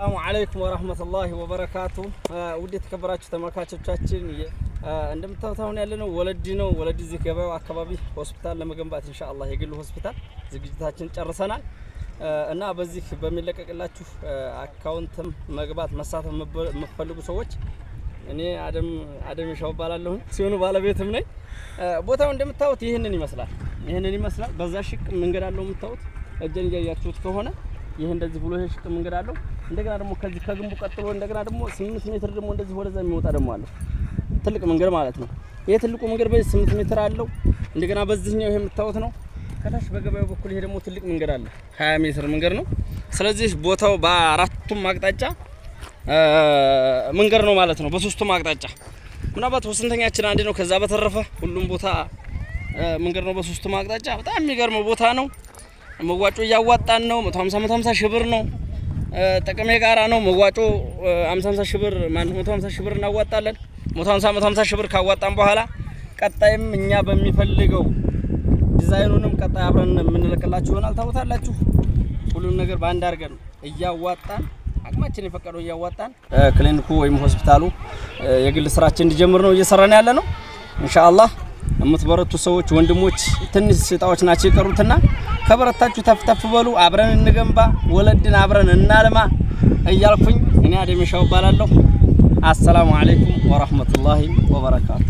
ሰላሙ አለይኩም ወራህመቱላሂ ወበረካቱ። ውድ የተከበራችሁ ተመልካቾቻችን እንደምታዩት አሁን ያለነው ወለዲ ነው። ወለዲ እዚህ ገበያው አካባቢ ሆስፒታል ለመገንባት ኢንሻአላህ የግል ሆስፒታል ዝግጅታችን ጨርሰናል እና በዚህ በሚለቀቅላችሁ አካውንትም መግባት መሳተፍ የምትፈልጉ ሰዎች እኔ አደም ሻው ይሻው እባላለሁ ሲሆኑ ባለቤትም ነኝ። ቦታው እንደምታዩት ይህንን ይመስላል። ይህንን ይመስላል። በዛ ሽቅ መንገድ አለው የምታዩት እጀን እያያችሁት ከሆነ ይሄ እንደዚህ ብሎ ይሄ ሽቅም መንገድ አለው። እንደገና ደግሞ ከዚህ ከግንቡ ቀጥሎ እንደገና ደግሞ ስምንት ሜትር ደግሞ እንደዚህ ወደዛ የሚወጣ ደግሞ አለው ትልቅ መንገድ ማለት ነው። ይሄ ትልቁ መንገድ በዚህ ስምንት ሜትር አለው። እንደገና በዚህኛው ይሄ የምታዩት ነው። ከታች በገበያው በኩል ይሄ ደግሞ ትልቅ መንገድ አለ፣ 20 ሜትር መንገድ ነው። ስለዚህ ቦታው በአራቱም አቅጣጫ መንገድ ነው ማለት ነው። በሶስቱም አቅጣጫ ምናልባት ወስንተኛችን አንድ ነው። ከዛ በተረፈ ሁሉም ቦታ መንገድ ነው በሶስቱም አቅጣጫ። በጣም የሚገርመው ቦታ ነው። መዋጮ እያዋጣን ነው። 150 150 ሺህ ነው ጥቅሜ ጋራ ነው መዋጮ 50 ሺህ ብር ማን 150 ሺህ ብር እናዋጣለን። 150 150 ሺህ ብር ካዋጣን በኋላ ቀጣይም እኛ በሚፈልገው ዲዛይኑንም ቀጣይ አብረን የምንልክላችሁ ይሆናል። ታውታላችሁ ሁሉን ነገር በአንድ አድርገን እያዋጣን አቅማችን የፈቀደው እያዋጣን ክሊኒኩ ወይም ሆስፒታሉ የግል ስራችን እንዲጀምር ነው እየሰራን ያለ ነው ኢንሻአላህ። የምትበረቱ ሰዎች ወንድሞች፣ ትንሽ ስጣዎች ናቸው የቀሩትና ከበረታችሁ ተፍተፍ በሉ። አብረን እንገንባ፣ ወለድን አብረን እናልማ እያልኩኝ እኔ አደሜሻው እባላለሁ። አሰላሙ አለይኩም ወራህመቱላሂ ወበረካቱ።